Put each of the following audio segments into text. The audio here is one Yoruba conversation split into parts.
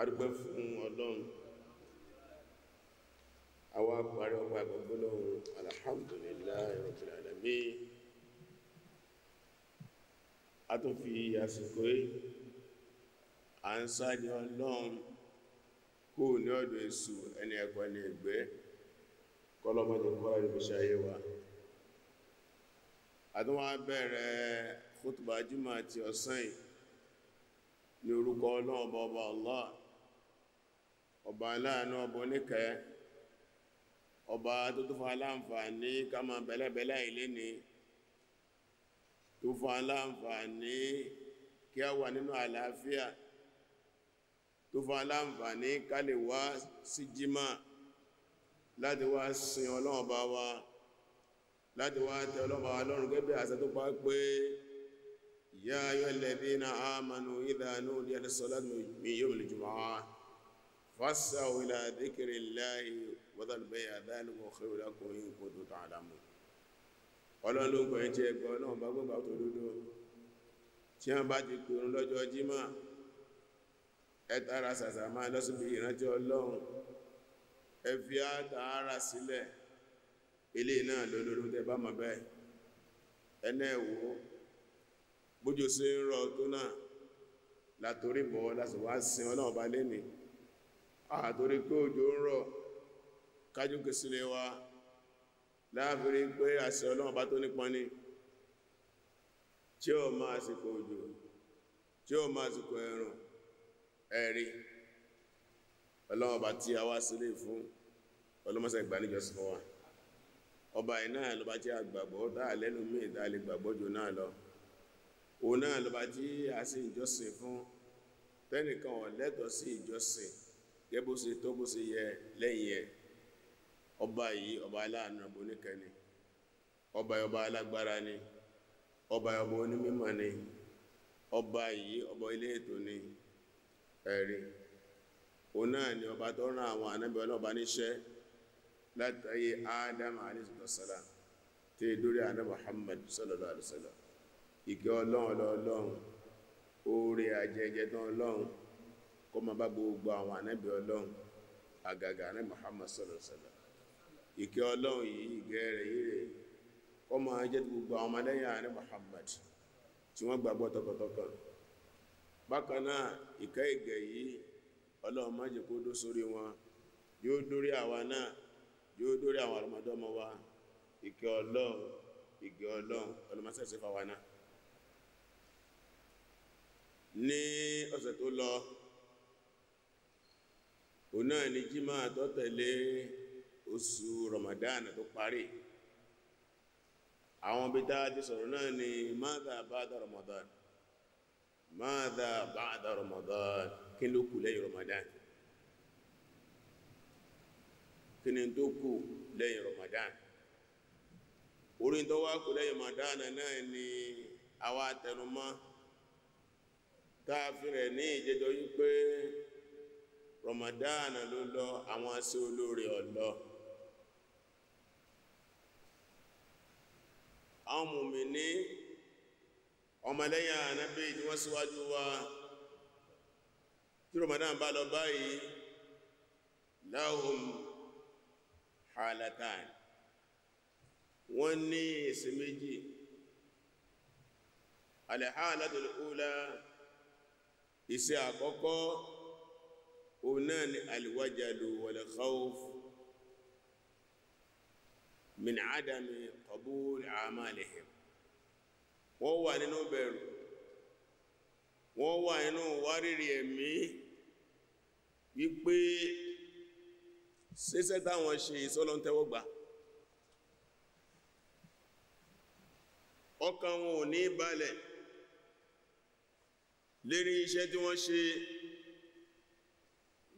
arúgbẹ́ fún ọlọ́run àwọn àpàrí ọgbà gbogbolóhùn alhamdulillahi rabbil alamin a tó fi àsìkò yìí à ń sáàdì ọlọ́run kó ní ọdún èsù ẹni ẹ̀kọ́ ní ẹgbẹ́ kọlọmọdé kọ́lá ìrìnbíṣẹ́ ayé wa àtúnwà bẹ̀rẹ̀ khutbah àti ọ̀sán ní orúkọ ọlọ́run bọ́ọ̀bọ̀ Allah ọba aláàánú ọba oníkẹ́ ọba tó tó fún aláǹfààní kama bẹ̀lẹ̀bẹ̀lẹ̀ ilé ni tó fún aláǹfààní kí a wà nínú àlàáfíà tó fún aláǹfààní ká lè wá sí jímá láti wá sin ọlọ́run wa láti wá tẹ ọlọ́run wa lọ́rùn gẹ́gẹ́ àṣẹ tó pa pé ya ayyuhal ladhina amanu idha nudiya lis-salati min yawmil jumu'ah واسعوا إلى ذكر الله وذا البيع ذلك خير لكم إن كنتم تعلمون ọlọ́run ló ń pẹ̀lú tí ẹgbẹ́ ọlọ́run bá gbọ́gbà tó lódó tí wọ́n bá ti kòrún lọ́jọ́ jímọ̀ ẹ tara lọ́sùnbí ìrántí ọlọ́run àtorí ah, pé òjò ń rọ̀ kájúkì sílé wa láàfírí pé àṣẹ ọlọ́run bá tó nípọn ní tí ó máa àsìkò òjò tí ó máa àsìkò ẹ̀rùn ẹ̀rí ọlọ́run bá tí a wá sílé fún ọlọ́mọsẹ̀ ìgbà níjọsìn fún wa ọba iná ló bá tí a gbàgbọ́ dáa lẹ́nu mí ìdá lè gbàgbọ́ jù náà lọ òun náà ló bá tí a sì ìjọsìn fún tẹ́nìkan ò sí ìjọsìn gẹ́bó ṣe tó bó ṣe yẹ lẹ́yìn ẹ̀ ọba yìí ọba aláàánú ọba ọba ọba alágbára ni ọba ọba onímímọ̀ ni ọba yìí ọba ilé ètò ni ẹ̀rí o náà ọba tó rán àwọn ànábì ọba níṣẹ́ látàrí ádámà alẹ́sìtọ̀sára tí dórí Muhammad sallallahu ọlọ́run ọlọ́run kó máa bá gbogbo àwọn ànábì ọlọ́run àgàgà ní Muhammad sallallahu alaihi wasallam ìkẹ́ ọlọ́run yìí ìgẹ́ rẹ̀ yìí rẹ̀ kó máa jẹ́ gbogbo àwọn ọmọlẹ́yìn àní Muhammad tí wọ́n gbàgbọ́ tọkàntọkàn bákan náà ìkẹ́ ìgẹ́ yìí ọlọ́run má jẹ́ kó dó sórí wọn yóò dórí àwa náà yóò dórí àwọn àrùmọ́dọ́mọ wa ìkẹ́ ọlọ́run ìgẹ́ ọlọ́run ọlọ́mọsẹ̀sẹ̀ fáwa náà ní ọ̀sẹ̀ tó lọ òun náà ni jímá tó tẹ̀lé oṣù Ramadan tó parí àwọn bí dáadé sọ̀rọ̀ náà ni máàdà bada Ramadan máàdà bada Ramadan kí ló kù lẹ́yìn Ramadan kí ni tó kù lẹ́yìn Ramadan orin tó wá kù lẹ́yìn Ramadan náà ni àwa àtẹnumọ́ táàfin rẹ̀ ní ìjẹjọ́ yí pé Ramadan ló lọ àwọn sí olóore ọ̀lọ́ àwọn mùmínì ọmọlẹ́yìn ànábì tí wọ́n síwájú wa tí Ramadan bá lọ báyìí lahum halatan wọ́n ní ìsìn méjì al-halatul àkọ́kọ́ òun náà ni alwajalu wal khawf min adami qabul amalihim wọ́n wà nínú bẹ̀rù wọ́n wà nínú wárìrì ẹ̀mí wípé ṣíṣẹ́ táwọn ṣe ìsọ́lọ́n tẹ́wọ́gbà ní balẹ̀ lérí iṣẹ́ tí wọ́n ṣe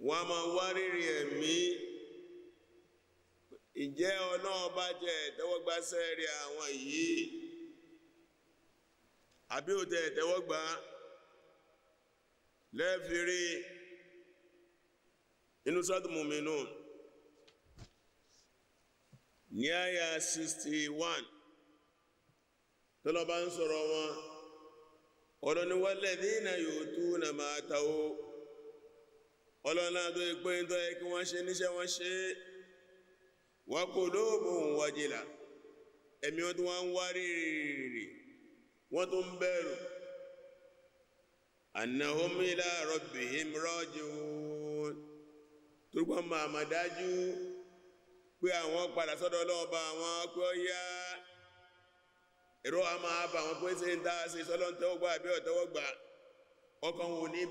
wọ́n a máa wá rírí ẹ̀mí ìjẹ́ ọ̀nà ọba jẹ́ ẹ̀tẹ́wọ́gbá sẹ́ẹ̀rí àwọn yìí àbí lefiri ẹ̀tẹ́wọ́gbá lẹ́fìrí inú sọ́tùmùmínú ní àyà 61 tọ́lọ́bá ń sọ̀rọ̀ wọn ọ̀dọ̀ ni otu yutuna ma ọlọ́lá tó pé tó yẹ kí wọ́n ṣe níṣẹ́ wọ́n ṣe Emi qulubun nwari ẹ̀mí wọn tó wọ́n ń wá rírìrì wọ́n tó ń bẹ̀rù annahum ila rabbihim raji'un a máa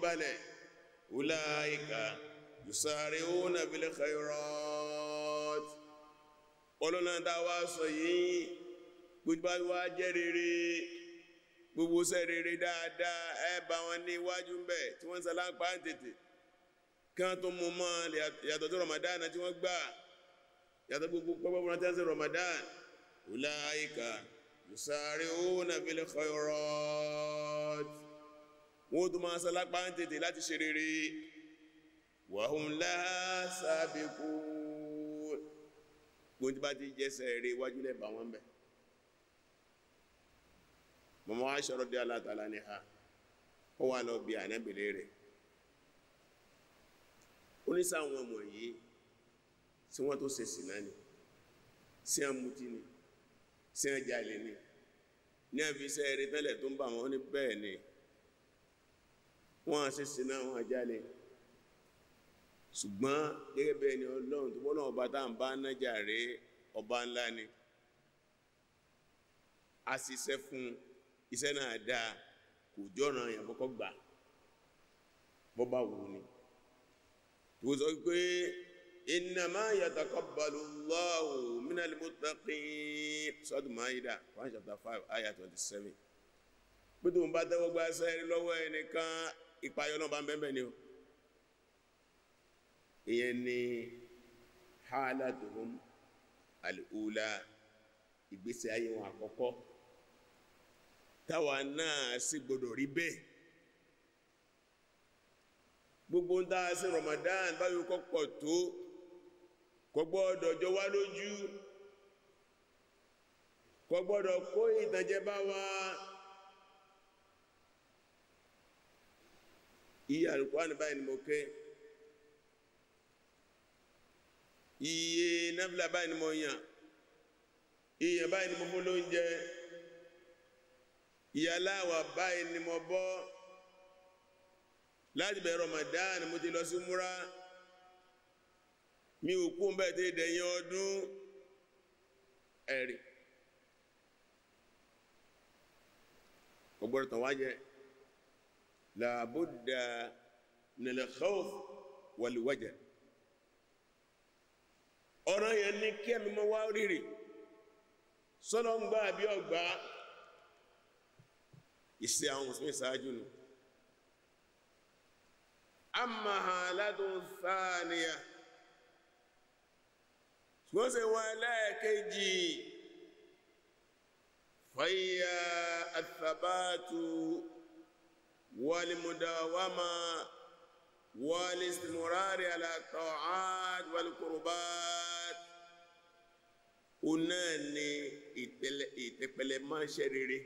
bá ulaika yusari'una bil khairat ọlọ́nà dáwà sọ yìí gbogbo wa jẹ́ rere gbogbo ṣẹ́ rere dáadáa ẹ bá wọn ní iwájú ń bẹ̀ tí wọ́n ń salápá tètè kí wọ́n tó mú mọ́ yàtọ̀ tó Ramadan tí wọ́n gbà yàtọ̀ gbogbo pọ́pọ́ wọn tẹ́sí Ramadan ulaika yusari'una bil khairat wọ́n tó máa sọ lápá ń tètè láti ṣe rere wàhùn láàásáàbẹ̀kú gbọ́n tí bá ti jẹ́sẹ̀ rẹ̀ wájú lẹ́bà wọn bẹ̀ mọ̀mọ́ wá ṣọ́rọ̀ dé alátàlá ní ha ó wà lọ bí ànábìlẹ̀ rẹ̀ ó ní sáwọn ọmọ yìí tí wọ́n tó ṣe sì náà ni sí àmútí ni sí àjálẹ̀ ni ní àfisẹ́ rẹ̀ tẹ́lẹ̀ tó ń bà wọ́n ní bẹ́ẹ̀ ni wọ́n á ṣẹ̀ṣẹ̀ náà wọ́n ṣùgbọ́n gẹ́gẹ́ bẹ́ẹ̀ ni ọlọ́run tó bọ́nà ọba tá à ń bá nájà rèé ọba ńlá ni a ṣiṣẹ́ fún iṣẹ́ náà dáa kò jọ́ràn yẹn kọ́kọ́ gbà bọ́bá wò ni tó sọ pé innama yataqabbalu Allahu minal muttaqin sọ́dún Maida chapter pé tó ń bá sẹ́rí lọ́wọ́ ẹnìkan ìpayọ̀ náà bá ń bẹ́ẹ̀ ni o ìyẹn ni hálàtùhùn al'ula ìgbésí ayé wọn àkọ́kọ́ táwa náà sì gbọdọ̀ rí bẹ́ẹ̀ gbogbo ń dáa sí Ramadan báyìí kọ́pọ̀ tó kò wá lójú kò kó ìtànjẹ bá wa. iye alùkwáàni báyìí ni mo kẹ́ iye náfìlà báyìí ni mo yàn iye báyìí ni mo fún lóúnjẹ iye aláwà báyìí ni mo bọ́ láti bẹ̀rẹ̀ Ramadan mo ti lọ sí múra mi ò kú bẹ́ẹ̀ tẹ́ dẹ̀yìn ọdún ẹ̀rì ọgbọ́rọ̀ tàn wáyẹ̀ làbúdà nílẹ̀ khawf wàlúwàjà ọ̀rọ̀ yẹn ní kí ẹ̀mí mọ́ wá rírì sọ́lọ́ ń gbá àbí ọgbà ìṣe àwọn mùsùlùmí ṣáájú nù amma haladun thaniya ṣùgbọ́n ṣe wọ́n ẹlẹ́ẹ̀kejì fayya athabatu والمداومة والاستمرار على الطاعات والقربات òun náà ni ìtẹ̀pẹ̀lẹ̀ máa ṣe rere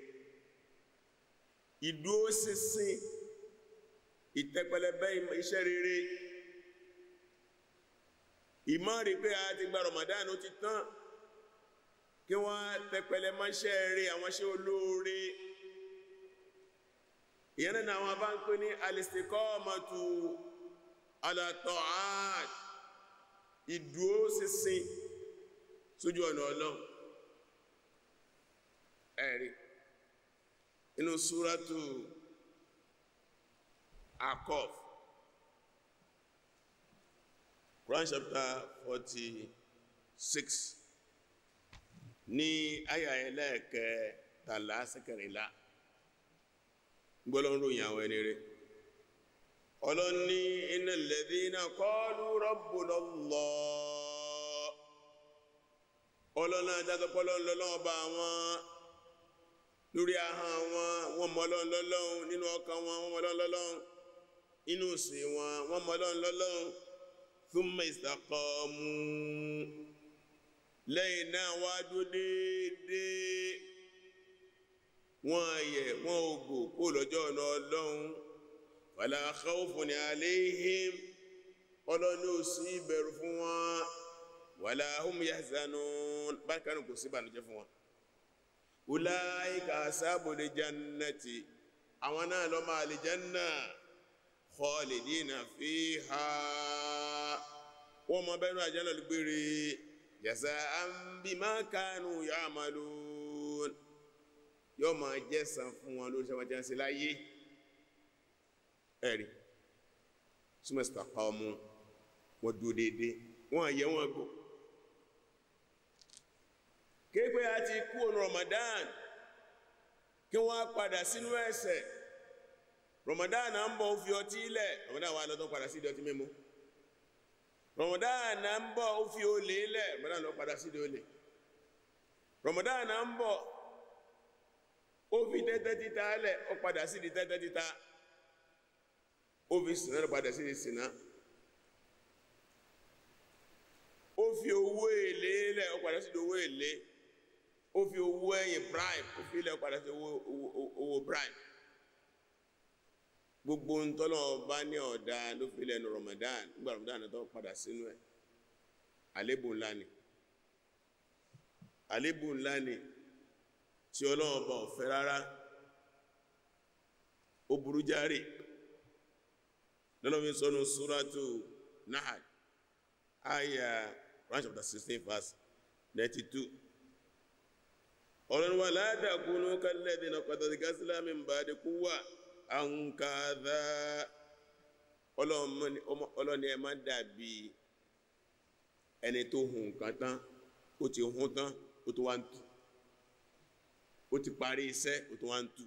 ìdúró ṣinṣin ìtẹ̀pẹ̀lẹ̀ bẹ́ẹ̀ iṣẹ́ rere ìmọ̀ rí pé a ti gba Ramadan ó ti tán kí wọ́n tẹ̀pẹ̀lẹ̀ máa rere àwọn ṣe olóore ìyẹn náà àwọn bá ń pè ní al-istiqamatu ala ta'at ìdúró ṣinṣin sójú ọ̀nà Ọlọ́run ẹ̀rí inú súrátù Aqaf Quran chapter 46 ní àyà ẹlẹ́ẹ̀kẹ́ tàlá sẹ́kẹ̀rìnlá gbọ́lọ́rùn ròyìn àwọn ẹni rẹ̀ ọlọ́ni innal ladhina qalu rabbuna Allah ọlọ́nà àjásọpọ́lọ́ ọba wọn lórí aha wọn wọn mọ́lọ́n nínú wọn wọ́n mọ́lọ́n inú wọn wọ́n lẹ́yìn náà wọ́n yẹ̀ wọ́n ògbò kó lọ́jọ́ ọ̀nà ọlọ́run wala khawfun alayhim ọlọ́ni ò sí ìbẹ̀rù fún wọn wala hum yahzanun bákanù kò sí ìbànújẹ́ fún wọn ulaika ashabul jannati àwọn náà lọ máa lè janna khalidina fiha wọ́n mọ bẹ́rù àjálọ̀lùgbére jazaan bima kanu ya'malun yóò máa jẹ́ san fún wọn lórí sẹ́wọ́n tí wọ́n ṣe láyé ẹ̀rí súnmọ́sítà pa ọmọ wọn dúró déédé wọn yẹ wọn gbò kéèpé a ti kú ònà Ramadan kí wọ́n padà sínú ẹ̀ṣẹ̀ Ramadan à ń bọ̀ ó fi ọtí ilẹ̀ Ramadan wà lọ́tọ́ padà sí ìdí ọtí mímu Ramadan à ń bọ̀ ó fi olè ilẹ̀ Ramadan lọ́ padà sí ìdí olè Ramadan à ń bọ̀ ó fi tẹ́tẹ́ títa lẹ̀ ó padà sí di tẹ́tẹ́ títa ó fi sìnà lọ padà sí di sìnà ó fi owó èlé lẹ̀ ó padà sí di owó èlé ó fi owó ẹ̀yìn bribe ó fi lẹ̀ ó padà sí owó bribe gbogbo ntọ́lọ̀ bá ní ọ̀dá ló fi lẹ́nu Ramadan nígbà Ramadan tó padà sínú ẹ̀ àlébù ńlá ni àlébù ńlá ni tí ọlọ́run ọba ò fẹ́ rárá ó burú járe lọ́lọ́run sọ́nu súrátù Nahl àyà Quran chapter sixteen verse ninety two wa la takunu kalladhina qatadu al-islam min ba'di quwwa ankadha ọlọ́ni ẹ má dàbí ẹni tó hùn ó ó ti parí iṣẹ́ ó tún wá ń tú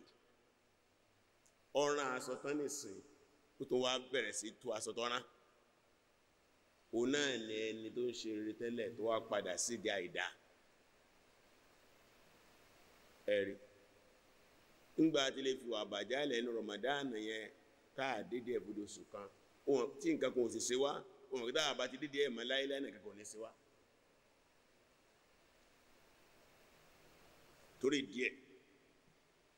ọ̀ràn aṣọ tán ó tún wá bẹ̀rẹ̀ sí tú aṣọ tán náà ni ẹni tó ń ṣe rere tẹ́lẹ̀ tó wá padà sídìí àìdá ẹ̀rí ńgbà tí fi wà yẹn kan tí nǹkan kan ò sì ṣe wá ti dédé ẹ̀ mọ́ láéláé torí díẹ̀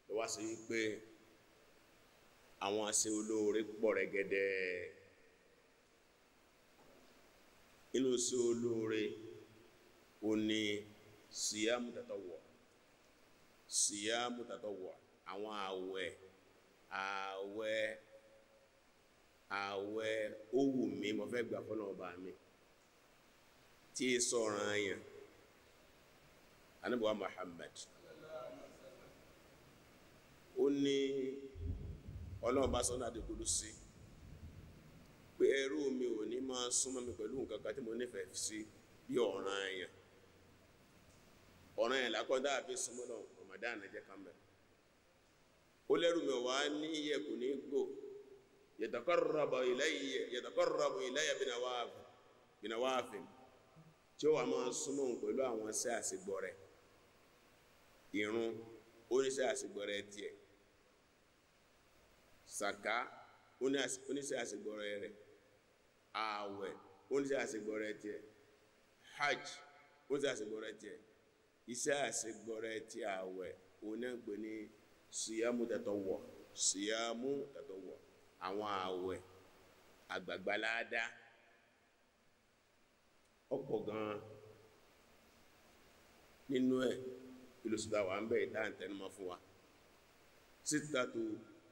ló wá sí wípé àwọn àṣẹ olóore pọ̀ rẹ̀gẹ̀dẹ̀ inú sí olóore ó ní síyámù tàtọ̀wọ̀ síyámù tàtọ̀wọ̀ àwọn àwẹ̀ àwẹ̀ àwẹ̀ ó wù mo fẹ́ gbà fọ́nà ọba mi tí sọ̀ràn yẹn anábọ̀wá Muhammad ó ní ọlọ́run sọ́nà àdìgbòdò sí pé ẹrú mi ò ní máa súnmọ́ mi pẹ̀lú nǹkan kan mo nífẹ̀ẹ́ sí bí ọ̀ràn èèyàn ọ̀ràn èèyàn àfi súnmọ́ náà Ramadan jẹ́ ó lẹ́rù mi wá ní iye ní gbò yataqarrabu ilayya sàká oníṣẹ́ àṣegbọ́rọ̀ rẹ̀ ààwẹ̀ oníṣẹ́ àṣegbọ́rọ̀ tiẹ̀ hajj oníṣẹ́ àṣegbọ́rọ̀ tiẹ̀ iṣẹ́ àṣegbọ́rọ̀ ti ààwẹ̀ onígbè ní síyámù tatawwu' síyámù tatawwu' àwọn ààwẹ̀ àgbàgbà ládàá ọ̀pọ̀ gan nínú ẹ̀ ìlú sùdáwà ń bẹ̀ ìdáhàntẹ́numọ́ fún wa sítàtù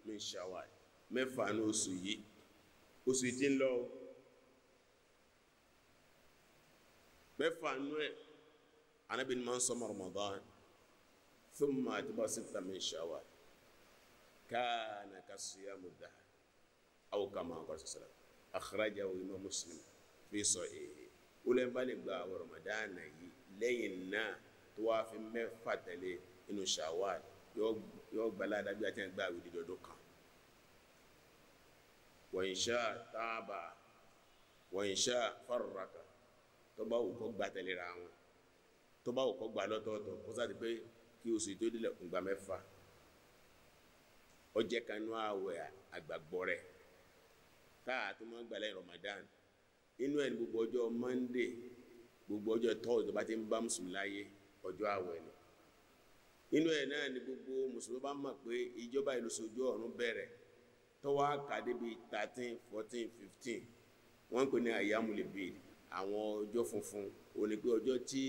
min shawal mẹ́fà ní oṣù yìí oṣù yìí ti ń lọ mẹ́fà nú ẹ̀ Ànábì ní máa ń sọmọ Ramadan thumma àtibá síta min shawal kana ka siyamu dahr aw kama qala sallallahu akhrajahu imam Muslim fi sahihi wúlẹ̀ ń bá lè gba àwọn Ramadan yìí lẹ́yìn náà tó wáá fi mẹ́fà tẹ̀lé inú shawal yóò yóò gbà ládàá bí a ti ń kan wọ̀nyíṣà táàbà wọ̀nyíṣà fárọ̀ràkà tó bá wù kó gbà tẹ̀léra wọn tó bá wù kó lọ́tọ̀ọ̀tọ̀ kó pé kí oṣù tó délẹ̀ kún gbà mẹ́fà Ramadan inú ẹ̀ ní gbogbo ọjọ́ Monday gbogbo ọjọ́ bá ti ń inú ẹ̀ náà ni gbogbo mùsùlùmí bá mọ̀ pé ìjọba ìlú sojú ọ̀run bẹ̀rẹ̀ àkàdé bíi thirteen fourteen fifteen wọ́n ń pè ní àyàmúlẹ̀bí àwọn ọjọ́ funfun òní pé ọjọ́ tí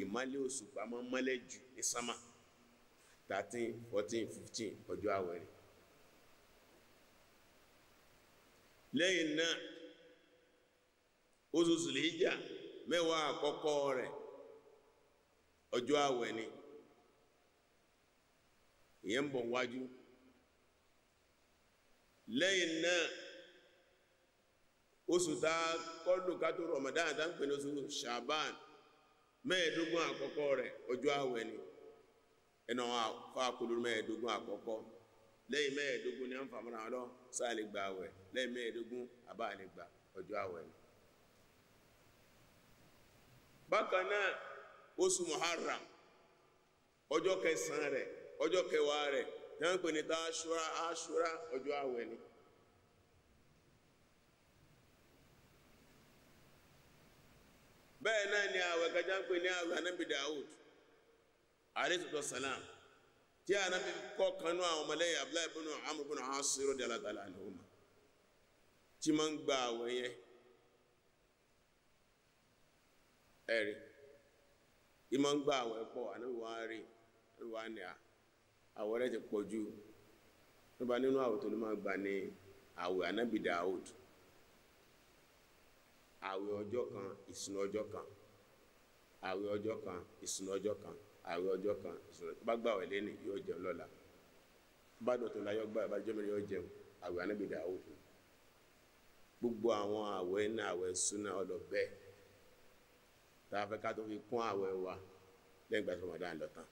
ìmálẹ̀ òṣùpá máa ń jù ní sámà thirteen fourteen fifteen ọjọ́ àwẹ̀rẹ̀. lẹ́yìn náà oṣooṣù lè jà mẹ́wàá àkọ́kọ́ rẹ̀ ọjọ́ àwẹ̀ ìyẹn ń bọ̀ wájú lẹ́yìn náà oṣù tá Shaban mẹ́ẹ̀ẹ́dógún àkọ́kọ́ rẹ̀ ọjọ́ àwẹ̀ ni ẹnà fàákùlù mẹ́ẹ̀ẹ́dógún àkọ́kọ́ lẹ́yìn mẹ́ẹ̀ẹ́dógún ni a ń fàmọ́ra ọlọ́ sáà àwẹ̀ lẹ́yìn àwẹ̀ ni bákan náà ọjọ́ kẹwàá rẹ̀ tí wọ́n ń pè ní táṣúra áṣúra ọjọ́ àwẹ̀ ni bẹ́ẹ̀ náà ni àwẹ̀ gajá ń pè ní àwẹ̀ anábì Dawud àrísìtọ̀ salam tí anábì kọ́ kanú àwọn ọmọlẹ́yìn Abdullahi ibn Amr ibn As radiyallahu ta'ala tí ma ń gba àwẹ̀ yẹn ẹ̀rí ìmọ̀ ń gba àwẹ̀ pọ̀ anábì rí wá ní à àwọ̀ rẹ̀ ti pọ̀ jù ló bá nínú àwọ̀ tó ló máa gbà ní àwẹ̀ anábì Dáúd àwẹ̀ ọjọ́ kan ìsìn ọjọ́ kan àwẹ̀ ọjọ́ kan ìsìn ọjọ́ kan àwẹ̀ ọjọ́ kan ìsìn ọjọ́ kan bá gbà wẹ̀ lẹ́nìí yóò jẹun lọ́la bá dọ̀tún láyọ̀ gbà bá jọ́mẹ́rin yóò jẹun àwẹ̀ anábì Dáúd gbogbo àwọn àwẹ̀ náà àwẹ̀ súnà ọlọ́bẹ̀ tá a ká tó fi kún àwẹ̀ wa lẹ́yìn tó Ramadan lọ tán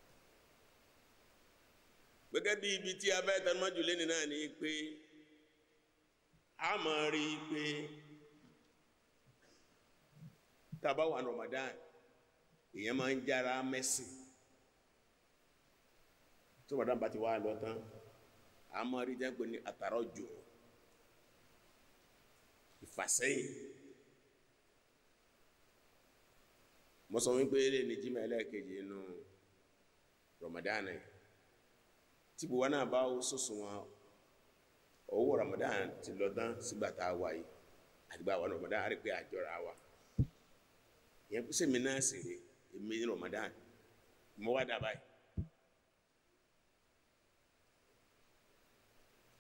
gẹ́gẹ́ bí ibi tí a fẹ́ tẹnumọ́jù lẹ́ni náà ni pé a mọ̀ rí pé tàbá wà Ramadan èyàn máa ń jára mẹ́sì tó Ramadan bá ti wá lọ a mọ̀ rí jẹ́ pé ní àtàrọ̀ jù ìfàsẹ́yìn mo sọ wípé lè ní jímẹ̀ ẹlẹ́ẹ̀kejì inú Ramadan yìí tí gbogbo náà bá sọ́sùn wọn owó Ramadan ti lọ tán sígbà tá a wà yìí àdìgbà wà Ramadan rí pé àjọra wa ìyẹn pèsè mi náà sì rè èmi ní Ramadan mo wá dábàá yìí.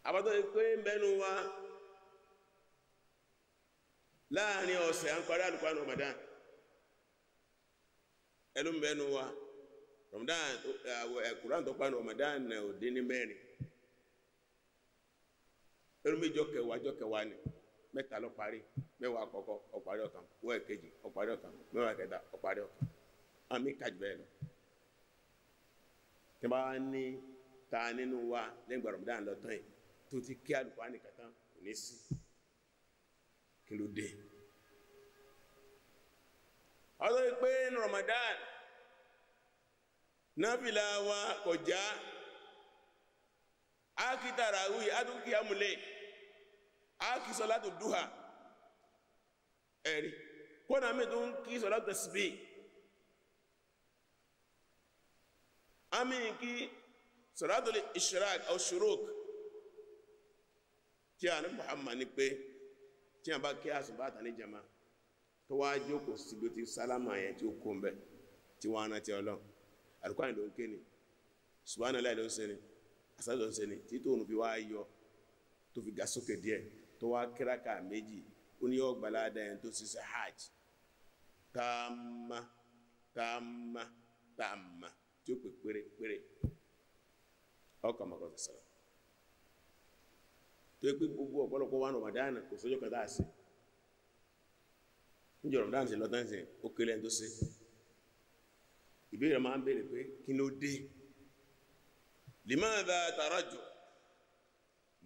àbátọ́ pé ń wa láàrin ọ̀sẹ̀ à ń parí àlùkò àná Ramadan ẹlú ń bẹ́nu wa. Ramadan uh, uh, Quran tó pàánù Ramadan uh, ò dín ní mẹ́rin erúmi jọ kẹwàá jọ kẹwàá ni mẹ́ta ló parí mẹ́wàá àkọ́kọ́ ó parí ọ̀kan wọ ẹ̀kejì ó parí ọ̀kan mẹ́wàá kẹta ó parí ọ̀kan àmì kàjú bẹ́ẹ̀ lọ tí a bá ní ta nínú wa lẹ́yìn gbà Ramadan lọ tán yìí tó ti kí alùpàá nìkan tán kò ní sí kí ló dé. ọ̀sán pé Ramadan. náfìlà wa kọjá ákítàrà wí ádùkí amúlẹ̀ ákí sọ́látù ha mi tó ń kí sọ́látù tẹ̀sìbì àmì kí sọ́látù ìṣirak aw tí a ní Muhammad ní pé tí a bá kí àsùbá àtàlẹ́ jama tó wá jókòó sálámà àlùkùránì ló ń ni subhanallah ló ń ṣe ni àṣà ló ń ṣe fi yọ tó fi ga tó wá kíráka méjì ó ní yọ gbalada yẹn tó ṣiṣẹ́ hajj tààmà tààmà tààmà tí tó gbogbo ọ̀pọ̀lọpọ̀ wà Ramadan kò sójú kan tá njọrọ ṣe ń tó ìbéèrè máa ń béèrè pé kí ló dé limadha tarajju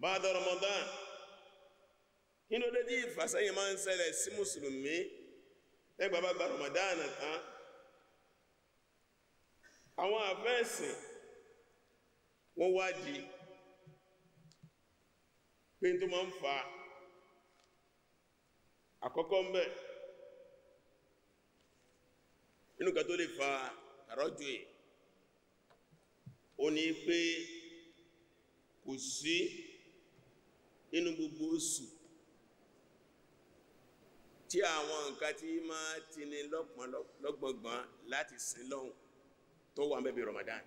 ba'da Ramadan kí ló dé tí ìfàsẹ́yìn máa ń ṣẹlẹ̀ sí mùsùlùmí lẹ́gbàá bá gba Ramadan tán àwọn àfẹ́ẹ̀sìn wọ́n wádìí pé tó máa ń fa àkọ́kọ́ ń bẹ inú tó lè fa àrọ́jù ẹ̀ ó ní pé kò sí nínú gbogbo oṣù tí àwọn nǹkan tí máa ti ní lọ́gbọ̀ngbọ̀n láti sin lọ́hùn tó wà mẹ́bí Ramadan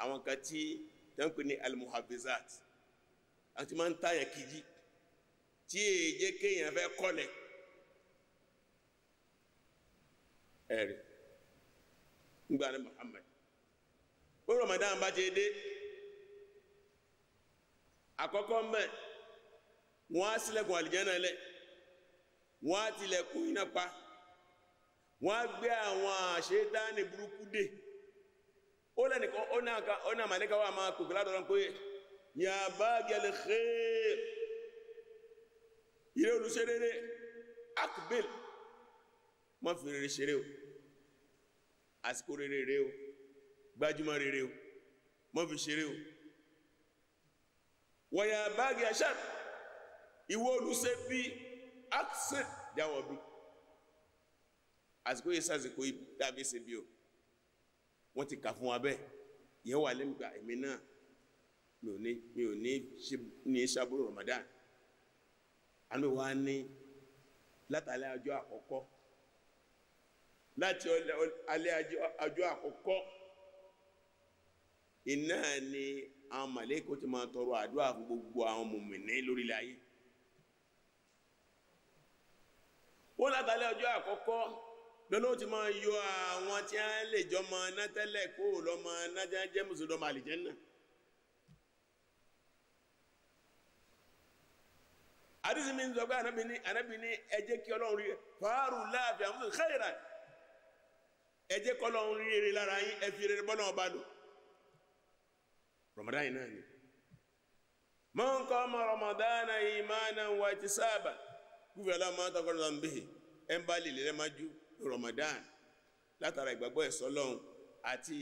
àwọn nǹkan tí tán pè ní almuhabizat àti máa ń tààyàn kìí tí èyí jẹ́ kéèyàn fẹ́ kọ́lẹ̀ ẹ̀rì nígbà ní Muhammad bí Ramadan bá ti dé àkọ́kọ́ mẹ́ wọ́n á sílẹ̀kùn àlìjánà lẹ̀ wọ́n á tilẹ̀kùn iná pa wọ́n á gbé àwọn àṣetáni burúkú dé ó lẹ́nìkan ó ní àmàlẹ́kà wà máa kòkòrò àdọ́rọ̀ pé yà bá gẹ̀lẹ̀ xeé ilé olùsẹ́rẹ́rẹ́ akbel mọ́ fi ṣeré o àsìkò rere rere o gbájúmọ́ rere o mọ́ fi ṣeré o wọ̀nyà báàgì àṣà ìwọ olùsẹ́ bí accent jáwọ̀ bí àsìkò yìí sàsìkò yìí dábí ṣe bí o wọ́n ti kà fún wa bẹ́ẹ̀ ìyẹn wà lẹ́mìgbà èmi náà mi ò ní mi ò ní ṣe ní ṣàbúrò Ramadan àmì wa ní látàlẹ́ ọjọ́ àkọ́kọ́ láti alẹ́ ọjọ́ àkọ́kọ́ iná ni àwọn màlẹ́kò ti máa tọrọ àdúrà fún gbogbo àwọn mùmìnì lórílẹ̀ ayé wọ́n látàlẹ́ ọjọ́ àkọ́kọ́ lọ́nà ti máa yọ àwọn tí a lè jọ mọ nátẹ́lẹ̀ kó lọ́mọ nájá jẹ́ àdísí mi ń sọ pé ẹjẹ́ kí ọlọ́run rí fàárù láàfin àwọn mùsùlùmí ẹ jẹ́ kọ́lọ̀ ń rí eré lára yín ẹ ọba lò Ramadan náà ni man qama Ramadana imanan wa ihtisaban kúfẹ́ aláwọ̀ máa tọkọ bẹ́ẹ̀ ẹ̀ ń bá lè ju látara ìgbàgbọ́ ẹ̀sọ́ àti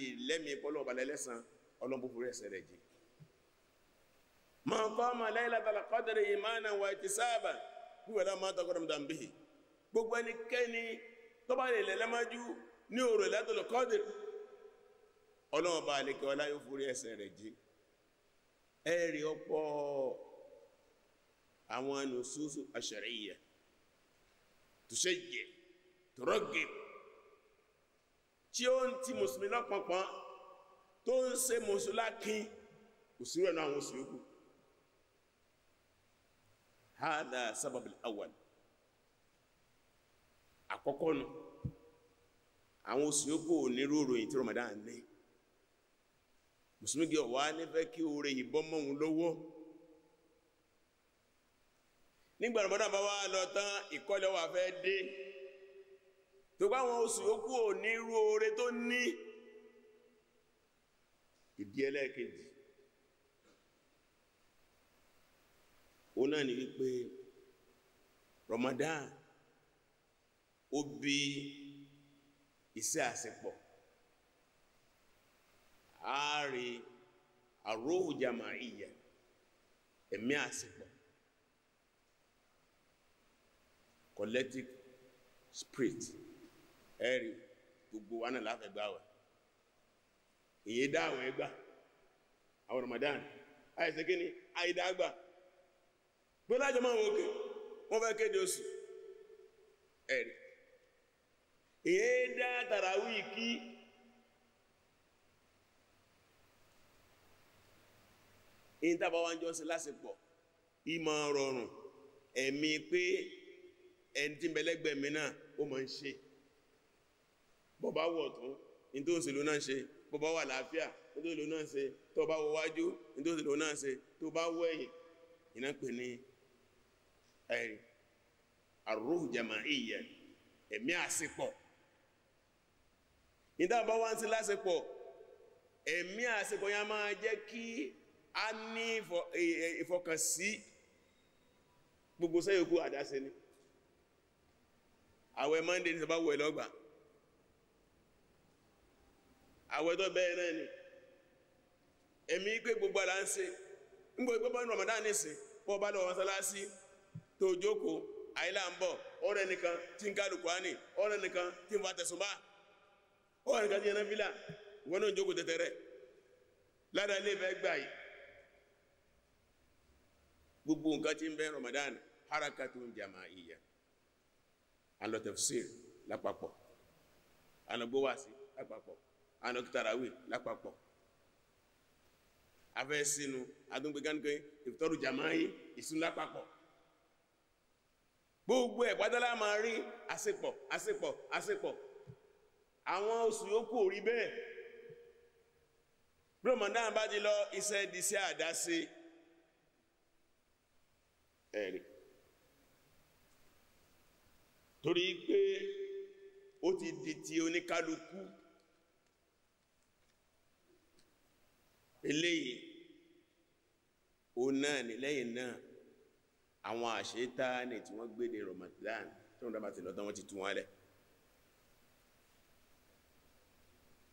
ọba lẹ́lẹ́sàn rẹ̀ jì kúfẹ́ gbogbo ẹnikẹ́ni lè ní òru Lailatul Qadr ọlọ́run bá alẹ́kẹ́ ọlá yóò fúrí ẹ̀ṣẹ̀ rẹ̀ jí ẹ̀rì ọ̀pọ̀ àwọn nusus ash-shar'iyyah tushayyi' turghib tí ó ń ti mùsùlùmí lọ́pọ̀pọ̀ tó ń ṣe mùsùlákí àwọn oṣù yóò kò nírú òròyìn tí Ramadan ní mùsùlùmí ọ̀wá nífẹ́ kí oore ìbọn mọ́hun lọ́wọ́ nígbà Ramadan bá wá lọ tán ìkọ́lẹ̀ wà fẹ́ dé tó bá wọn oṣù yóò nírú oore tó ní ìdí ẹlẹ́ẹ̀kejì ó náà ni Ramadan ó iṣẹ́ àṣepọ̀ ààrẹ àróhùjàmà ìyẹ ẹ̀mí àṣepọ̀ collective spirit ẹ̀rí gbogbo wa náà láfẹ̀gbà wẹ̀ èyí dáwọn ẹgbà àwọn Ramadan àìsẹ̀ kí ni àìdágbà gbọ́lájọ́ máa wọ́n kéde oṣù ẹ̀rí èyí dá tàràwí kí in tàbá rọrùn ẹ̀mí pé mi náà ó ń ṣe bọ́bá wọ̀ tún in tó ń ṣe wà láàáfíà in tó ló náà ṣe tó bá wọ wájú in tó ṣe ló náà ṣe tó bá wọ ìdábọ̀ wá ń sí lásìpọ̀ ẹ̀mí àsìpọ̀ ya máa jẹ́ kí a ní ìfọkànsí gbogbo sẹ́yòkú àdáṣe ni àwẹ̀ monday ní sọba wẹ̀ lọ́gbà àwẹ̀ tó bẹ́ẹ̀ náà ni ẹ̀mí pé gbogbo àlá ń ṣe nígbò ìgbẹ́bọ́ ní Ramadan nìsí pọ́ tí ń kálùkù á nì ọ̀rẹ́ tí ń fa tẹ̀sùn báà ó wà nìkan sí yẹn náfílà wọn náà jókòó tẹ́tẹ́rẹ́ ládàá ilé ìfẹ́ gbà yìí gbogbo nǹkan tí ń bẹ Ramadan harakatun jama'iyya alọ tafsir lápapọ̀ alọ gbówàsí lápapọ̀ alọ kìtàràwì lápapọ̀ afẹ́ sínú adúgbégánigẹ́ ìfitọ́rù jàmáyé ìsún lápapọ̀ gbogbo ẹ̀ pátálá máa rí àsìpọ̀ àsìpọ̀ àsìpọ̀ àwọn oṣù yòókù ò rí bẹ́ẹ̀ Ramadan bá ti lọ iṣẹ́ di iṣẹ́ àdáṣe ẹ̀rí torí pé ó ti di ti oníkálukú eléyìí o náà ní lẹ́yìn náà àwọn àṣetá ní tí wọ́n gbé ní Ramadan tí wọ́n dábàtì lọ́tọ́ wọ́n ti tú wọn lẹ́ẹ̀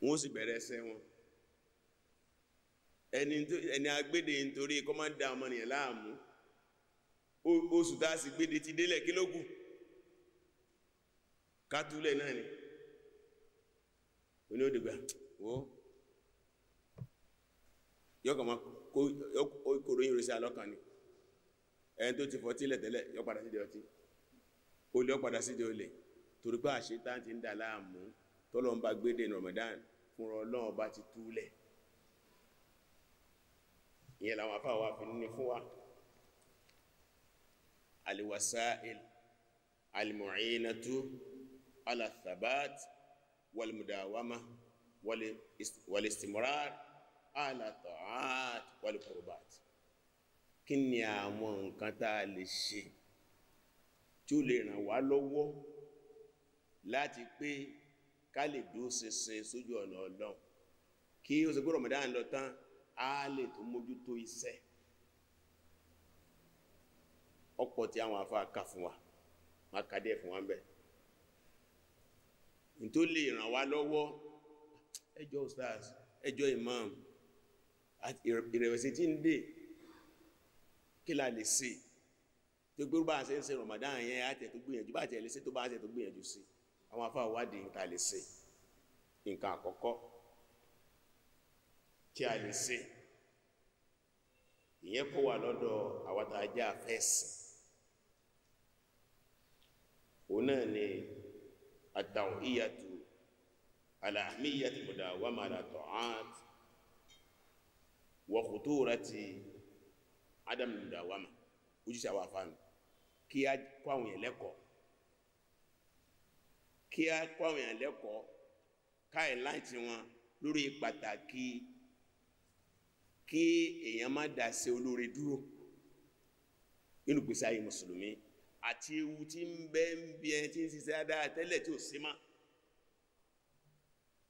wọ́n sì bẹ̀rẹ̀ ẹsẹ̀ wọn ẹni agbede nítorí kọ́ máa ń da ọmọnìyàn láàmú oṣù tá a sì ti délẹ̀ kí kátúlẹ̀ náà ni oní òdìgbà wọ́n máa kó ròyìn sí alọ́kàn ni ẹni tó ti fọtí lẹ̀ tẹ́lẹ̀ yọ́ padà sídẹ̀ ọtí olè ọ́ padà olè àṣetá ti ń láàmú fúnra ọlọ́run ọba ti túlẹ̀ ìyẹn làwọn afá wa fi ní fún wa alwasa'il almu'inatu ala thabat walmudawama walistimrar ala kí ni àwọn nǹkan tá a lè ṣe tí ó lè ràn wá lọ́wọ́ láti pé ká lè dúró ṣinṣin sójú ọ̀nà ọlọ́run kí ó ṣe gbọ́rọ̀ mọ̀dá ń lọ tán á lè tó mójútó iṣẹ́ ọ̀pọ̀ tí àwọn afá kà fún wa má ka díẹ̀ fún wa ń bẹ̀ ní tó lè ràn wá lọ́wọ́ ẹjọ́ stars ẹjọ́ imam ìrẹ̀wẹ̀sì tí ń dè kí la lè ṣe tó gbé bá a ṣe ń ṣe Ramadan yẹn á tẹ̀ tó gbìyànjú bá a tẹ̀ lè ṣe tó bá a tẹ̀ tó gbìyànjú sí i àwọn afá wádìí nǹkan lè ṣe nǹkan àkọ́kọ́ tí a lè ṣe ìyẹn kó wà lọ́dọ̀ àwàtà ajá fẹ́ẹ̀sì òun náà ni àtàwọn ìyàtò alàmìyàtò mọ̀dà wà màdà tọ̀ áàt wọ̀kù tó ti adam mọ̀dà wà mà ojúṣe àwọn kí a kó àwọn yẹn lẹ́kọ̀ọ́ kí a kọ́ àwọn èèyàn lẹ́kọ̀ọ́ káì láìtì wọn lórí pàtàkì kí èèyàn má dá sí olóore dúró nínú gbèsè ayé mùsùlùmí àti ewu tí ń bẹ ń bí tí ń ṣiṣẹ́ adára tẹ́lẹ̀ tí ò sí má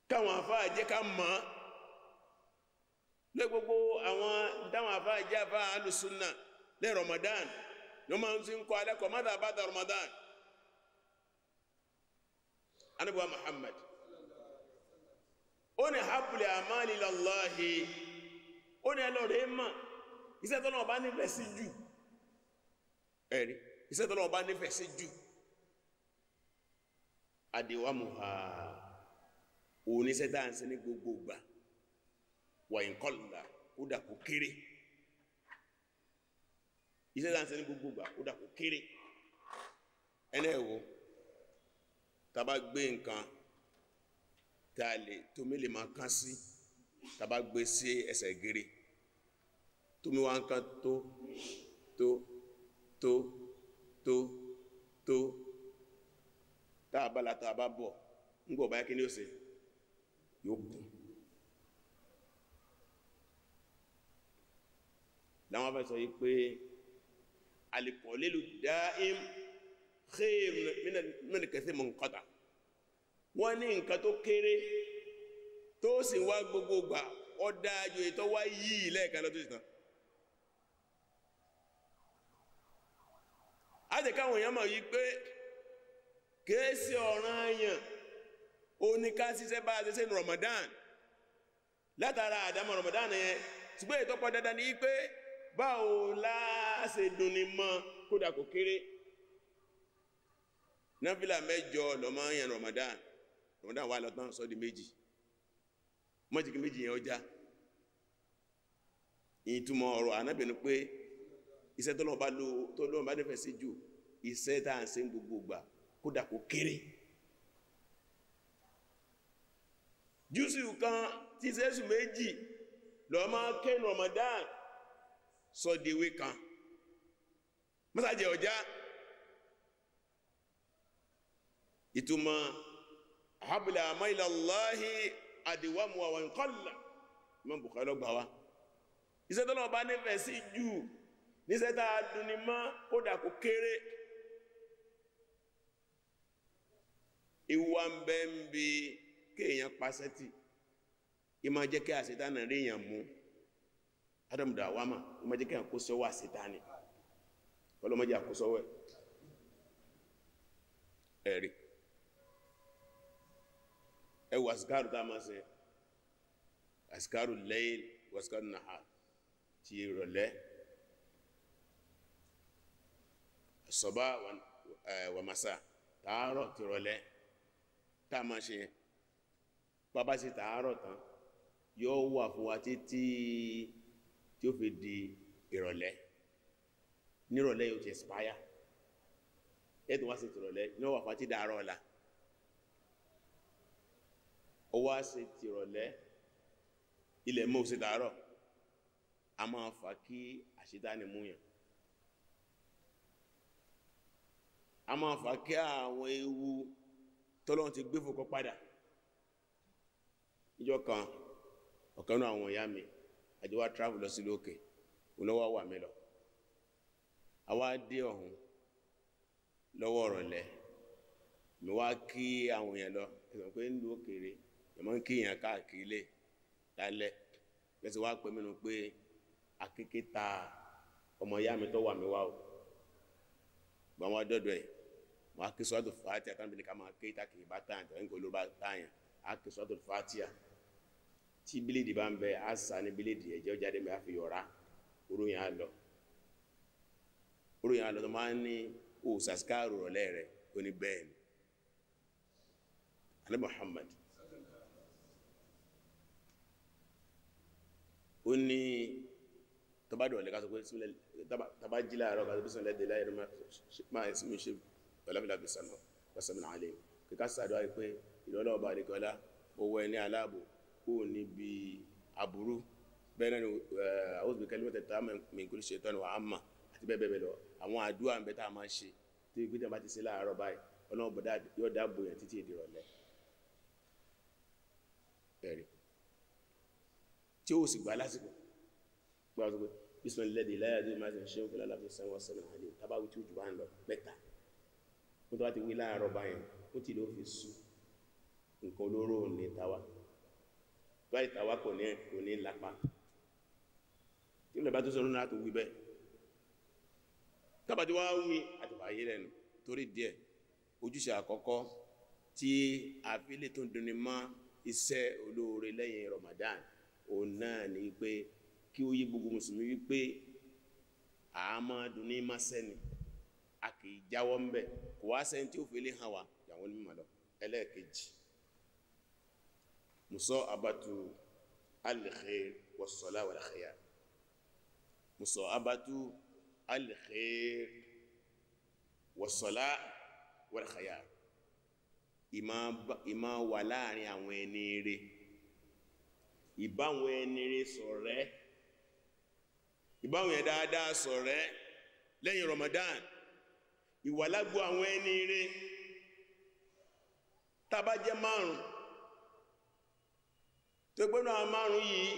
káwọn àfáà jẹ́ ká mọ̀ lé gbogbo àwọn Ramadan ló máa ń fi ń kọ́ mọ́tàbátà Ramadan anabuwa muhammad ó ní habule amali lallahi ó ní ẹlọ́rẹ̀ ma iṣẹ́ tọ́lọ́ ọba nífẹ̀ẹ́ sí jù ẹ̀rí iṣẹ́ tọ́lọ́ ọba nífẹ̀ẹ́ sí jù adéwàmùhà òun iṣẹ́ tá à ń ṣe ní gbogbo ìgbà wàyín kọ́lá ó dà kó kéré iṣẹ́ tá à ń ṣe ní gbogbo tàbá gbé nǹkan tá a lè tómi lè máa kán sí tàbá gbé sí ẹsẹ̀ gírí tómi wá ń kán tó tó tó tó tó tàbá látà bá bọ̀ ń gbọ̀ báyá kí ní òsè yóò kún láwọn afẹ́ sọ yí pé alìkọ̀ọ́lélù dáìm khairun min kathimin munqata wọ́n ní nǹkan tó kéré tó sì wá gbogbogbà ó dájú ètò wá yìí lẹ́ẹ̀kan lọ́tún ìtàn á ti káwọn èèyàn mọ̀ yí pé kèése ọ̀ràn ayàn oníká síṣẹ́ bá ṣe sínú Ramadan látara àdámọ̀ Ramadan yẹn ṣùgbọ́n ètò pọ̀ dandan ní pé báwo la ṣe dunni mọ́ kódà kò kéré náfìlà mẹ́jọ lọ́mọ yẹn Ramadan Ramadan wà lọ́tàn sọ di méjì mọ́jìkì méjì yẹn ọjà ìtumọ̀ ọ̀rọ̀ anábìnrin pé iṣẹ́ tó lọ́wọ́ bá lò tó lọ́wọ́ bá nífẹ̀ẹ́ sí jù iṣẹ́ tá à ń ṣe gbogbo gbà kódà kó kéré júùsù kan tí sẹ́sù méjì lọ́mọ kẹ́nu Ramadan sọ di ewé kan mọ́sàjẹ́ ọjà. ìtumọ̀ habla amáìláláhì àdìwámu àwọn kọ́là Imam Bukhari ló gbà wá iṣẹ́ tó lọ́wọ́ bá nífẹ̀ẹ́ sí jù níṣẹ́ tá a dùn ní mọ́ kódà kó kéré ìwà ń bẹ ń bi kéèyàn pàṣẹ tì ìmọ̀ jẹ́ kí àṣetánà rí èèyàn mú adamuda wama ìmọ̀ jẹ́ kí èèyàn sọ́wọ́ àṣetánì ọlọ́mọdé àkósọ́wọ́ ẹ̀rí ẹwọ asikaru tá a máa ṣe asikaru layl wasikaru nahar ti ìrọ̀lẹ́ sọba wàmásà tààrọ̀ ti rọ̀lẹ́ tá a máa ṣe bàbá ṣe tààrọ̀ tán yóò wà fún wa títí tí ó fi di ìrọ̀lẹ́ nírọ̀lẹ́ yóò ti expire ẹ̀tùn wá sí ìrọ̀lẹ́ ní ó wà fún wa títí àárọ̀ ọ̀la ó wá ṣe tìrọ̀lẹ́ ilẹ̀ mọ́ ṣe tàárọ̀ a máa fà kí àṣetáni múyàn a máa fà kí àwọn ewu tọ́lọ́n ti gbé fòkọ́ padà ìjọ kan ọ̀kan náà àwọn ìyá mi àjọwà travel lọ sí lókè olówó wà mí lọ àwa dé ọ̀hún lọ́wọ́ ọ̀rọ̀lẹ́ mi wá kí àwọn èèyàn lọ ẹ̀sọ̀ pé ń lu òkèrè ìmọ̀ ń kíyàn káàkiri lé lálẹ́ lẹ́sẹ̀ wá pé mẹ́nu pé akéké ta ọmọ ìyá mi tó wà mí wá o gbọ́n wá dọ́dọ̀ ẹ̀ wọ́n á ké sọ́dọ̀ fàátì àtàbílẹ̀ ká máa ké tákìrì bá tààyàn tẹ̀wé ń kó ló bá tààyàn á ké sọ́dọ̀ fàátì à tí bíléèdì bá ń bẹ á sà ní bíléèdì ẹ̀jẹ̀ ó jáde mi á fi yọ̀ra oróyìn á lọ oróyìn á lọ tó máa ń ní òòsàsíkà rọ̀lẹ́ rẹ̀ ó ní bẹ́ẹ̀ ni alẹ́ Muhammad ó ní tọ́bádọ̀ ọ̀lẹ́ kásọ̀ pé tàbá jí láàárọ̀ kásọ̀ pé sọ́lẹ̀ dé láàárọ̀ máa ẹ̀sìn mi ṣe pẹ̀láfìlà bí sànà pẹ̀sẹ̀mìnà alẹ́ kíká sàdọ́ àrí pé ìrọ̀lọ́ ọba àríkọ́lá owó ẹni aláàbò kó níbi aburú bẹ́ẹ̀ náà àwọn òbí kẹlẹ́mọ̀ tẹ̀tà mi kúrò ṣe tọ́nu àmà àti bẹ́ẹ̀ bẹ́ẹ̀ lọ àwọn àdúrà ń bẹ tí ó sì gbà lásìkò gbàgbé bísmọ̀ lẹ́dí láyàdé máa ṣe ṣe òkèlà láti sanwó sẹ́nà àlè tàbáwí tí ó jù bá ń lọ mẹ́ta wọ́n tó bá ti wí láàárọ̀ báyẹn ó ti ló fi sú nǹkan olóró ní tàwa tó bá ìtàwa kò ní kò ní lápá tí ó lè bá tó sọ lónà àti wí bẹ́ẹ̀ tábàtí wá wí àtìpà ayé lẹ́nu torí díẹ̀ ojúṣe àkọ́kọ́ tí àfilẹ̀ tó dunni mọ́ iṣẹ́ olóore lẹ́yìn Ramadan òun náà ni pé kí ó yé gbogbo mùsùlùmí wípé àmọ́ dùn ní másẹ́ni a kì í jáwọ́ ń bẹ̀ kò wá sẹ́ni tí ó fi lè hàn wá yàwọn ní mímọ̀ ẹlẹ́ẹ̀kejì musọ́ abatu al-khair was musọ́ abatu al-khair was ìmá wà láàrin àwọn ẹni rere ìbáwọn ẹni rere ṣọ̀rẹ́ ìbáwọn ẹ̀ dáadáa ṣọ̀rẹ́ lẹ́yìn Ramadan ìwàlágbó àwọn ẹni rere tàbá jẹ́ márùn tó gbónú àwọn márùn yìí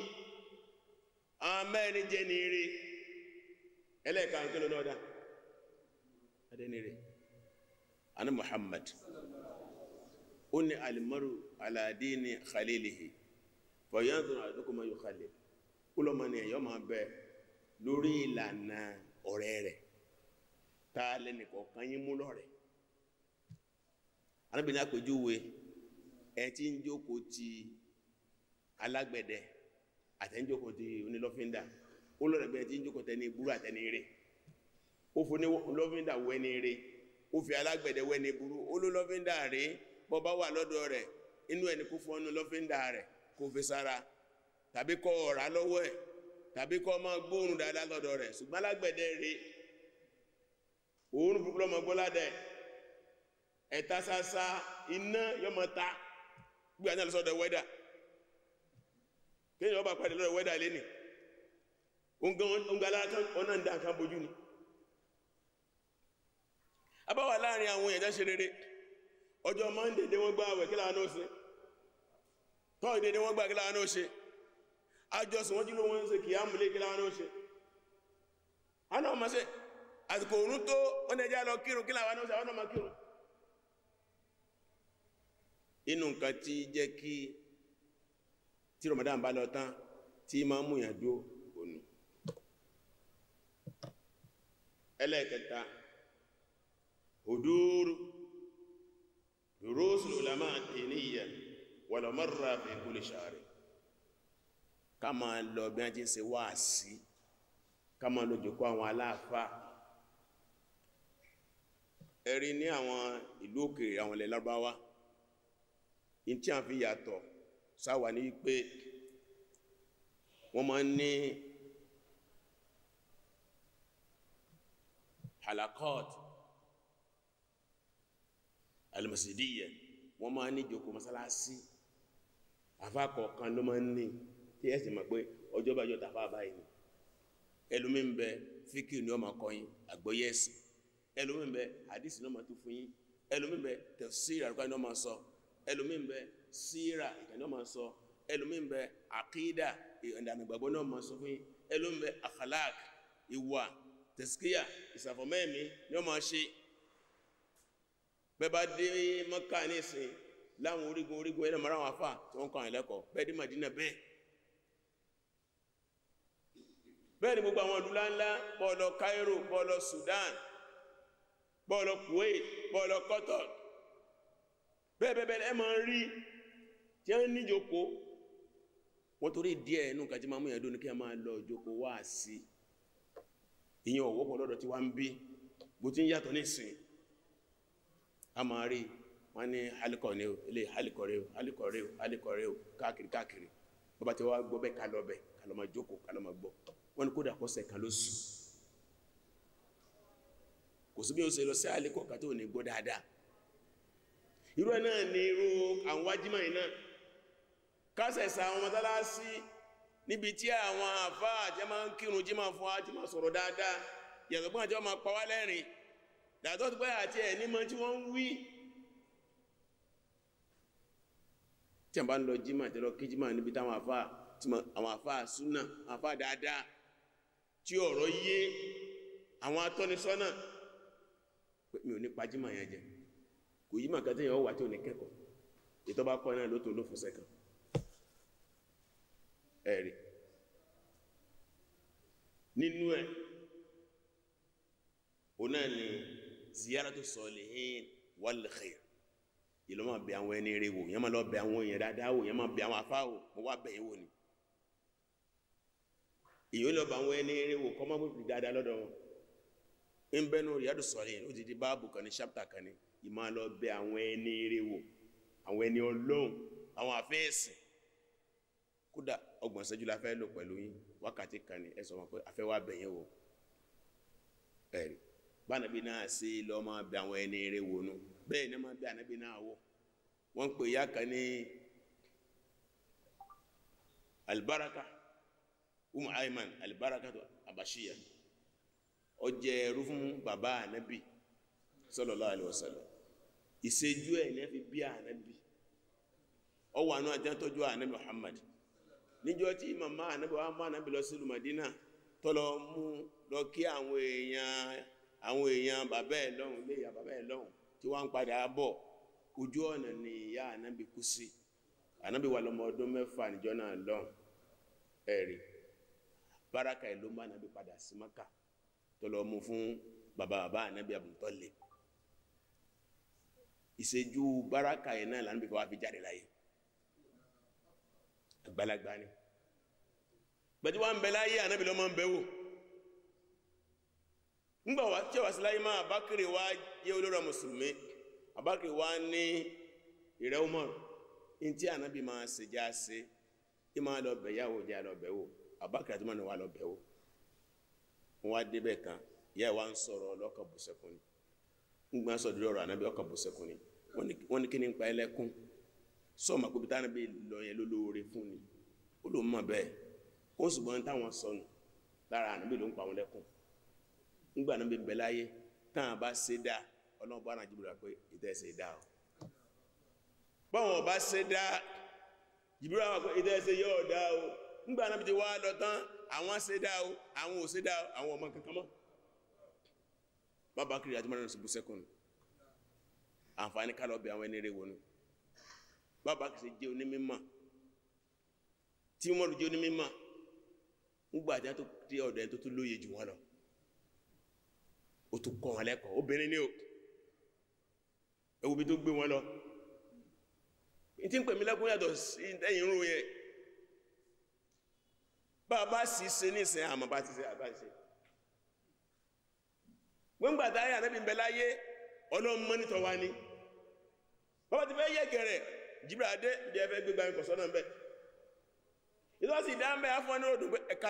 àwọn mẹ́rin jẹ́ ní rere ẹlẹ́ẹ̀kan kí ló lọ́dá adẹ́ni Muhammad ó ní alimaru aladini khalilihi fọ̀yánzùn àdúkùn mọ́ yóò kúlọ̀mọ́ni ẹ̀yọ́ máa bẹ lórí ìlànà ọ̀rẹ́ rẹ̀ ta lẹ́nìkọ̀ọ̀kan yín mú lọ́rẹ̀ arábìnrin àpèjúwe ẹ tí ń jókòó ti alágbẹ̀dẹ ti ó lọ́rẹ̀ bẹ́ẹ̀ ń jókòó tẹni burú àtẹni rẹ̀ ó fún rẹ̀ ó fi alágbẹ̀dẹ burú ó rẹ̀ bọ́ bá wà kò fi sára tàbí kọ ọ̀rá lọ́wọ́ ẹ̀ tàbí kọ máa gbóòrùn dáadáa lọ́dọ̀ rẹ̀ ṣùgbọ́n alágbẹ̀dẹ rẹ̀ òórùn burúkú lọ́mọ gbọ́ládẹ̀ ẹ̀ta sásá iná yọmọ gbé àná lọ́sọ̀dọ̀ wẹ́dà ọba pàdé lọ́dọ̀ wẹ́dà alára ọ̀nà tọ́ ìdèdè wọ́n gbà kíláà náà ṣe àjọsìn wọ́n jí ló wọ́n ń ṣe kìí àmúlé kíláà náà ṣe a náà ma ṣe àsìkò òun tó wọ́n ẹjá lọ kírun kíláà wà náà ṣe àwọn náà ma kírun inú nǹkan tí jẹ́ kí tí Ramadan bá lọ tán tí máa mú yàn dúró òní ẹlẹ́ẹ̀kẹta hudúrú durusul ulama diniya wala marra fi kulli shahri ká máa lọ bí wọ́n ti ń ṣe wáàsí ká máa lọ jòkó àwọn aláàfáà ẹ̀rí ní àwọn ìlú òkèèrè àwọn ilẹ̀ lárúbáwá in tí a fi yàtọ̀ sáwà ní wípé wọ́n máa ń ní halakot almasidiyya wọ́n máa ní jòkó masalasi àfa kọ̀ọ̀kan ló máa ń ní tí ẹ sì mọ̀ pé ọjọ́ bá jọ tàfà báyìí ni ẹlòmí ń bẹ fíkì ni ọmọ akọyin àgbọ́yé ẹ̀sìn ẹlòmí ń bẹ àdìsí ni ọmọ tó fún yín ẹlòmí ń bẹ tẹ̀síra àrùkà ni ọmọ sọ ẹlòmí ń bẹ síra ìkà ni ọmọ sọ ẹlòmí ń bẹ àkídà ìdànàgbàgbọ́ ni ọmọ sọ fún yín ẹlòmí ń bẹ àkàlák ìwà tẹ̀síkíyà ìsàfọ̀mẹ́ẹ̀mí ni ọmọ ṣe bẹ́ẹ̀ bá dé mọ́kà ní ìsìn láwọn orígun orígun ẹ̀rọ mara wọn afá tí wọ́n kọ́ àwọn bẹ́ẹ̀ dé bẹ́ẹ̀ bẹ́ẹ̀ ni gbogbo àwọn láńlá Cairo bọ́ọ̀lọ Sudan bọ́ọ̀lọ Kuwait bọ́ọ̀lọ Qatar bẹ́ẹ̀bẹ́ẹ̀ ẹ wọ́n ní alikọ̀ ni o ilé alikọ̀ rẹ o alikọ̀ rẹ o alikọ̀ rẹ o káàkiri káàkiri bàbá tí wọ́n gbọ́ bẹ́ẹ̀ kálọ̀ bẹ́ẹ̀ kálọ̀ máa jókòó kálọ̀ máa gbọ́ wọ́n ní kódà kọ́sẹ̀ kan ló sùn kò sí bí ó ṣe lọ sí alikọ̀ kan tó ní gbọ́ dáadáa irú ẹ̀ náà ni irú àwọn wájímọ̀ yìí náà kásẹ̀sà àwọn mọ́tálásí níbi tí àwọn àfá àjẹ́ máa ń kírun jí máa fún ájí máa sọ̀rọ̀ dáadáa yàtọ̀ pé àjọ máa pa wá lẹ́rìn dàtọ́ ti pẹ́ àti ẹ̀ ní mọ́ tí wọ́n ń wí tí a bá ń lọ jimá tẹ́lọ kí jimá níbi táwọn afá àwọn afá súnà afá dáadáa tí ọ̀rọ̀ yé àwọn atọ́nisọ́nà pé mi ò ní pa jimá yẹn jẹ kò yí màkà tẹ́yìn ọwà tí ò ní kẹ́kọ̀ọ́ ètò bá kọ́ náà ló tó ló fọsẹ̀ kan ẹ̀rí nínú ẹ̀ òun náà ni ziyaratu salihin wal khair yìí ló máa bẹ àwọn ẹni rẹ wò yẹn máa lọ bẹ àwọn èèyàn dáadáa wò yẹn máa bẹ àwọn afá wò mo wá bẹ wò ni èyí lọ bẹ àwọn ẹni rẹ wò kọ́ máa dáadáa lọ́dọ̀ wọn ń bẹ́ẹ̀ nù báàbù kan ní kan lọ bẹ àwọn ẹni rẹ wò àwọn ẹni ọlọ́hun àwọn kódà ọgbọ̀n la fẹ́ lò pẹ̀lú yín wákàtí kan ní ẹ sọ bánabi náà sí lọ máa bẹ àwọn ẹni eré wonú bẹ́ẹ̀ ni máa bẹ ànábi náà wò wọ́n pè ya kan ní alibaraka umu ayman alibaraka tó abashiya ó jẹ́ ẹrú fún ànábi sallallahu alaihi wasallam ìṣẹ́jú ẹ̀ ní fi bí ànábi ó wà náà jẹ́ ànábi muhammad níjọ́ tí màmá ànábi wa máa ànábi lọ sí Madina tọ́lọ mú lọ kí àwọn èèyàn àwọn èèyàn bàbá ẹ̀ lọ́hùn ilé ìyá bàbá ẹ̀ lọ́hùn tí wọ́n ń padà bọ̀ ojú ọ̀nà ni ìyá ànábì kú sí ànábì wà lọ́mọ ọdún mẹ́fà níjọ́ náà lọ́hùn ẹ̀rí báraka ẹ̀ ló ń bá ànábì padà sí maka tó lọ mú fún bàbá bàbá ànábì àbùntọ́lẹ̀ ìṣẹ́jú báraka ẹ̀ náà lànàbì bá fi jáde láyé àgbàlagbà ni gbẹ̀dúwà ń bẹ láyé ànábì lọ́mọ ń bẹ wò Ngba wa tí ọ̀wàsí láyé máa àbákiri wá jẹ́ olóra mùsùlùmí àbákiri wá ní ìrẹ́ Umar ní tí ànábì máa ṣe já ṣe tí máa lọ bẹ̀ yàwó jẹ́ lọ bẹ̀ wò àbákiri àti lọ bẹ̀ wò wọ́n wá débẹ̀ kan ìyá ìwà ń sọ̀rọ̀ ni ńgbà sọ̀dọ̀ ànábì ni wọ́n ní kí ni ń pa ẹlẹ́kùn lọ yẹn fún ni ó mọ̀ bẹ́ẹ̀ ó táwọn sọnù lára ànábì ló ń pa nígbà náà bí bẹ̀lá yé tán bá ṣe dá ọlọ́run bá náà jìbìrà pé ìtẹ́ẹ̀ṣe dá ọ bọ́wọ̀n bá ṣe dá jìbìrà wà pé ìtẹ́ẹ̀ṣe yóò dá o nígbà náà bí ti wá lọ tán àwọn ṣe dá o àwọn ò ṣe dá o àwọn ọmọ kankan mọ́ bàbá kiri àti mọ́rin ṣubú sẹ́kùn àǹfààní kálọ̀ bí àwọn ẹni rẹ̀ wọnú bàbá kiri jẹ́ onímọ̀ tí wọ́n lù jẹ́ onímọ̀ nígbà tí wọ́n tó dé ọ̀dọ̀ tó tó lóye jù wọ́n lọ ó tún kọ́ wọn lẹ́kọ̀ọ́ obìnrin ní o tó gbé wọn lọ in tí ń pè mí lẹ́kún yàtọ̀ sí ẹ̀yìn rú yẹn bá bá sì se ní ti se àbá gbọ́ngbà táyà náà bí bẹ láyé wa ni bàbá ti fẹ́ yẹ gẹ̀rẹ̀ jìbìrà dé bí ẹ fẹ́ sọ́nà ìtọ́ sì dá ń bẹ́ afọ́ ní òdùn ẹ̀ka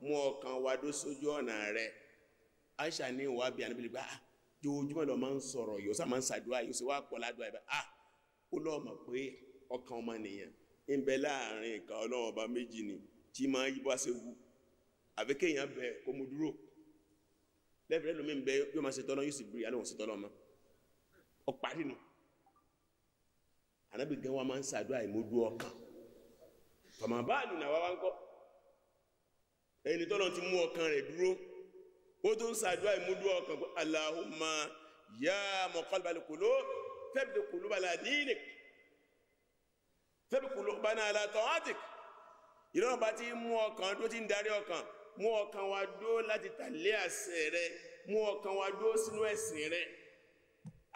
mú ọkàn wa dó sójú ọ̀nà rẹ̀ aisha ní ìwà bí anábìlì gbá ah, jòjúmọ́ lọ máa ń sọ̀rọ̀ yóò sá máa ń sàdúrà yóò sì wá pọ̀ ládùá ibà ah ó lọ́ọ̀ mọ̀ pé ọkàn ọmọ nìyẹn ń bẹ láàrin ìka ọlọ́wọ́ ọba méjì ni tí máa yí bá ṣe wù àfi kéèyàn bẹ kó mu dúró lẹ́fẹ̀ẹ́ lómi ń bẹ yóò máa ṣe tọ́lọ́ yóò sì bírí alóhùn sí tọ́lọ́ mọ́ ọ parí nu wa máa ń sàdúrà ìmúdú ọkàn tọ̀mọ̀ báà náà wá wá ń kọ́ ẹni tọ́lọ́ ti mú ọkàn rẹ̀ dúró ó tó ń ṣàdúrà ìmúdú ọkàn pé Allahumma ya muqallibal qulub thabbit qulubana ala dinik thabbit qulubana ala ta'atik ìran bá ti mú ọkàn tó ti ń darí ọkàn mú ọkàn wa dó láti tàlé àṣẹ rẹ mú ọkàn wa dó sínú ẹ̀sìn rẹ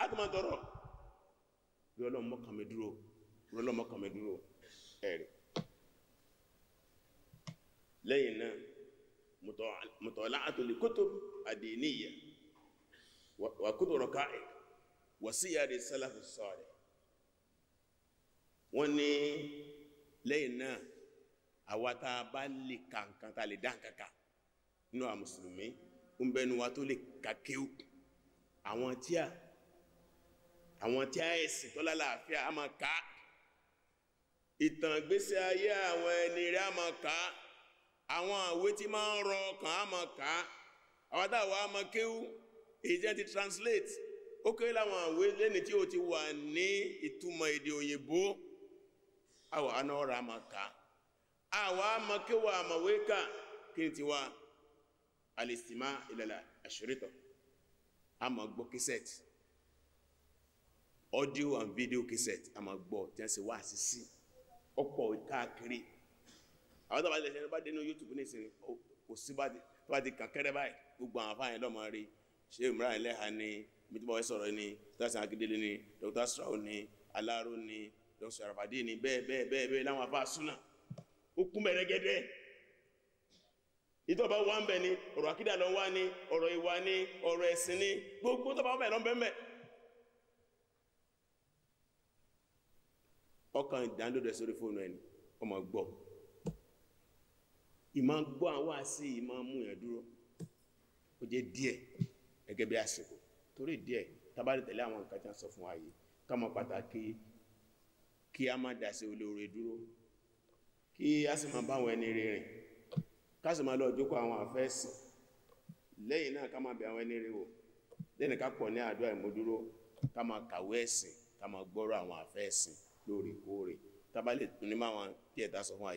átùmọ̀tọ̀rọ̀ bí ọlọ́mọkàn mi dúró ẹ̀rẹ̀ lẹ́yìn náà مطالعة لكتب الدينية وكتب ركائب وسير السلف الصالح wọ́n ní lẹ́yìn náà àwa tá a bá lè ka nǹkan tá a lè dá nǹkan kà nínú àwọn mùsùlùmí ń bẹnu wa tó lè ka kéwù àwọn tí a àwọn tí a ẹ̀sìn tó lálàáfíà a máa ka ìtàn ìgbésí ayé àwọn ẹni rẹ̀ a máa ka á àwọn ìwé tí máa ń rọ ọkàn àmọ́ ká àwọn táwọn àmọ́ kéwú èyí ti translate ó kéré láwọn ìwé lẹ́ni tí ó ti wà ní ìtumọ̀ èdè òyìnbó àwọn àna ọ̀rọ̀ àmọ́ ká àwọn àmọ́ kéwú àmọ̀wé ká kí ni tiwa alìsìmá ìlàlà àṣírítọ̀ àmọ́ gbọ́ kísẹ́ẹ̀tì audio and video cassette a máa gbọ́ tí a sì wá sí ọ̀pọ̀ káàkiri àwọn tàbí ẹ̀ṣẹ̀ bá dénú youtube ní ìsinmi kò sí bá ti kàkẹ́rẹ́ báyìí gbogbo àwọn afáyẹn lọ́mọ rí ṣé Imran Eleha ni mítúbọ̀ sọ̀rọ̀ ni tásán akíndélé ni dr straw ni aláró ni dr sharafadi ni bẹ́ẹ̀ bẹ́ẹ̀ bẹ́ẹ̀ bẹ́ẹ̀ láwọn afá súnà ó kún mẹ́rẹ́gẹ́dẹ́ ìtọ́ bá wá ń bẹ̀ ni ọ̀rọ̀ àkídà lọ wá ní ọ̀rọ̀ ìwà ní ọ̀rọ̀ ẹ̀sìn ní gbogbo tó bá bẹ̀ lọ bẹ́ẹ̀ ọkàn ìdánilódẹ̀ sórí fóònù ẹni ọmọ gbọ́ ìmá gbọ́ àwọn àṣì ìmá mú yàn dúró ó jẹ́ díẹ̀ gẹ́gẹ́ bí torí díẹ̀ tábàlì tẹ̀lé àwọn nǹkan tí sọ fún wa yìí ká mọ̀ pàtàkì kí a má dàṣe olóore dúró kí a sì máa ẹni rí rìn ká sì máa lọ jókòó àwọn àfẹ́sì lẹ́yìn náà ká máa bẹ ẹni rí wò ká pọ̀ ní àdúrà ìmúdúró ká máa kàwé ẹ̀sìn ká máa gbọ́rọ̀ àwọn lóòrèkóòrè tábàlì tún ní máa wọn tí ẹ̀ta sọ fún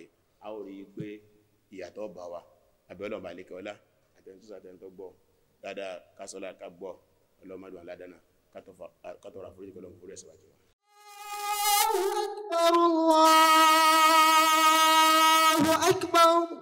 a rí ìyàtọ̀ bá wa abẹ́ọ̀lọ́ bá lékẹ́ ọlá àtẹnitó dáadáa kásọ́lá ká ọlọ́mọdún aládánà kátọ́ra fúrúdì kọlọ́mù fúrú ẹ̀sẹ̀ wájú wa.